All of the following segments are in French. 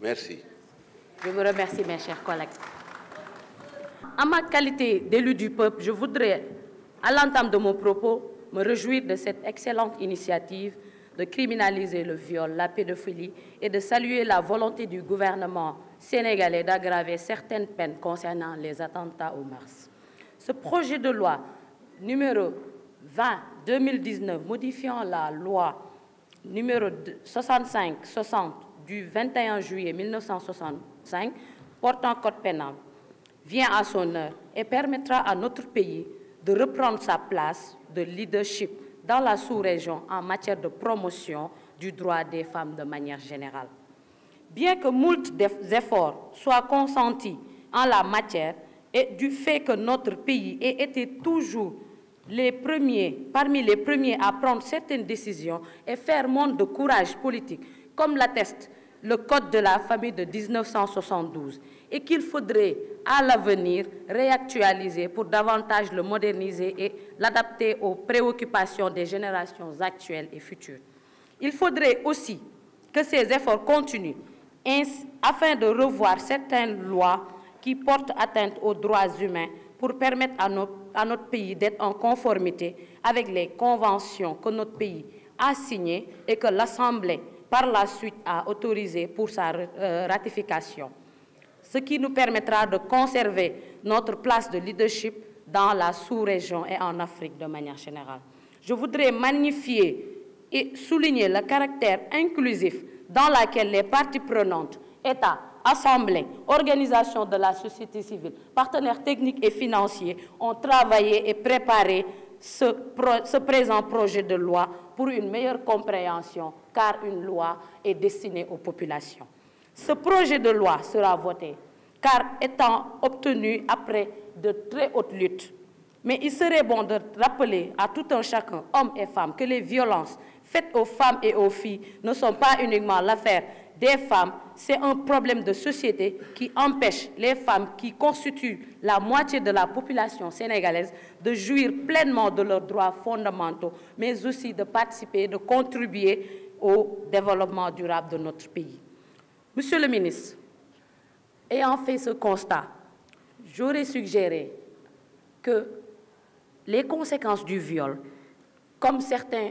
Merci. Je vous remercie, mes chers collègues. En ma qualité d'élu du peuple, je voudrais, à l'entame de mon propos, me réjouir de cette excellente initiative de criminaliser le viol, la pédophilie et de saluer la volonté du gouvernement sénégalais d'aggraver certaines peines concernant les attentats au mars. Ce projet de loi numéro 20-2019 modifiant la loi numéro 65-60 du 21 juillet 1965 portant code pénal vient à son heure et permettra à notre pays de reprendre sa place de leadership dans la sous-région en matière de promotion du droit des femmes de manière générale. Bien que moult efforts soient consentis en la matière et du fait que notre pays ait été toujours les premiers, parmi les premiers à prendre certaines décisions et faire montre de courage politique, comme l'atteste le Code de la famille de 1972 et qu'il faudrait à l'avenir réactualiser pour davantage le moderniser et l'adapter aux préoccupations des générations actuelles et futures. Il faudrait aussi que ces efforts continuent afin de revoir certaines lois qui portent atteinte aux droits humains pour permettre à, notre pays d'être en conformité avec les conventions que notre pays a signées et que l'Assemblée par la suite à autoriser pour sa euh, ratification, ce qui nous permettra de conserver notre place de leadership dans la sous-région et en Afrique de manière générale. Je voudrais magnifier et souligner le caractère inclusif dans lequel les parties prenantes, États, assemblées, organisations de la société civile, partenaires techniques et financiers ont travaillé et préparé ce, présent projet de loi pour une meilleure compréhension, car une loi est destinée aux populations. Ce projet de loi sera voté, car étant obtenu après de très hautes luttes, mais il serait bon de rappeler à tout un chacun, hommes et femmes, que les violences faites aux femmes et aux filles ne sont pas uniquement l'affaire des femmes, c'est un problème de société qui empêche les femmes qui constituent la moitié de la population sénégalaise de jouir pleinement de leurs droits fondamentaux, mais aussi de participer, de contribuer au développement durable de notre pays. Monsieur le ministre, ayant fait ce constat, j'aurais suggéré que les conséquences du viol, comme certains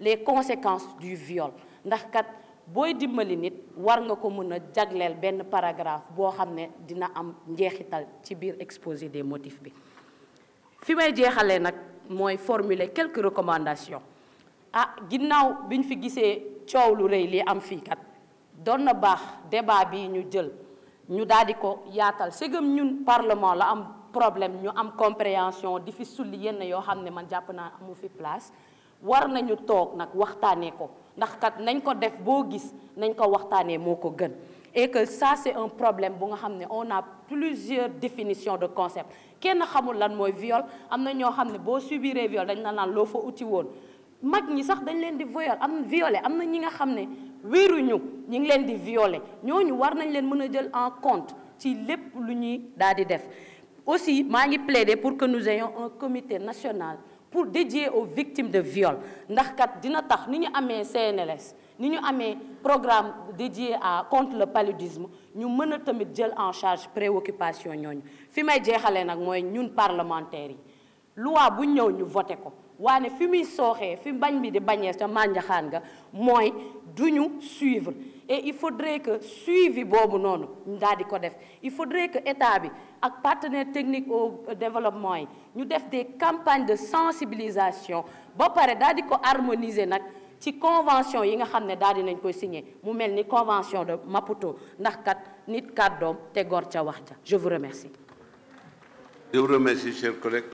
les conséquences du viol ndax kat booy dimbali nit war nga ko mën a jagleel paragraphe boo xam dina am njeexital ci biir exposé des motifs bi fi may jeexalee nag mooy formuler quelques recommandations ah ginnaaw bi ñu fi gisee coow lu li am fii kat doon na baax débat bi ñu jël ñu daal yaatal segam ñun parlement la am problème ñu am compréhension di fi sulli yenn yoo xam ne man jàpp naa amu fi place war nañu toog nak waxtaanee ko ndax kat nañ ko def bo gis nañ ko waxtane moko gën et que ça c'est un problème bu nga xam on a plusieurs définitions de concept kenn xamul lan moy viol amna ño xamné bo ne boo viol dañ na nan lo fa uti won mag ñi sax dañ leen di viol am violé am ñi nga xamné wéruñu ñi ngi leen di violé ñoñu war nañ leen jël en compte ci lepp lu ñuy daal di def aussi maa ngi plaider pour que nous ayons un comité national pour dédier aux victimes de viol ndax kat dina tax ni ñu amee CNLS ni ñu amee programme dédié à contre le paludisme ñu mëna tamit jël en charge préoccupation ñooñu fi may jéxalé nak moy ñun parlementaires yi loi bu ñëw ñu voter ko waane fi muy sooxee fi mbañ bi di bañé sa manja mànjaxaan nga moy duñu suivre et il faudrait que suivi bobu nonu daal def il faudrait que état bi ak partenaire technique au euh, développement Nous def des campagnes de sensibilisation ba paré harmoniser nak ci convention yi nga xamné ne dinañ di koy signer mu melni convention de Maputo ndax kat nit kaddom te gor ca je vous remercie. je vous remercie chers collègues.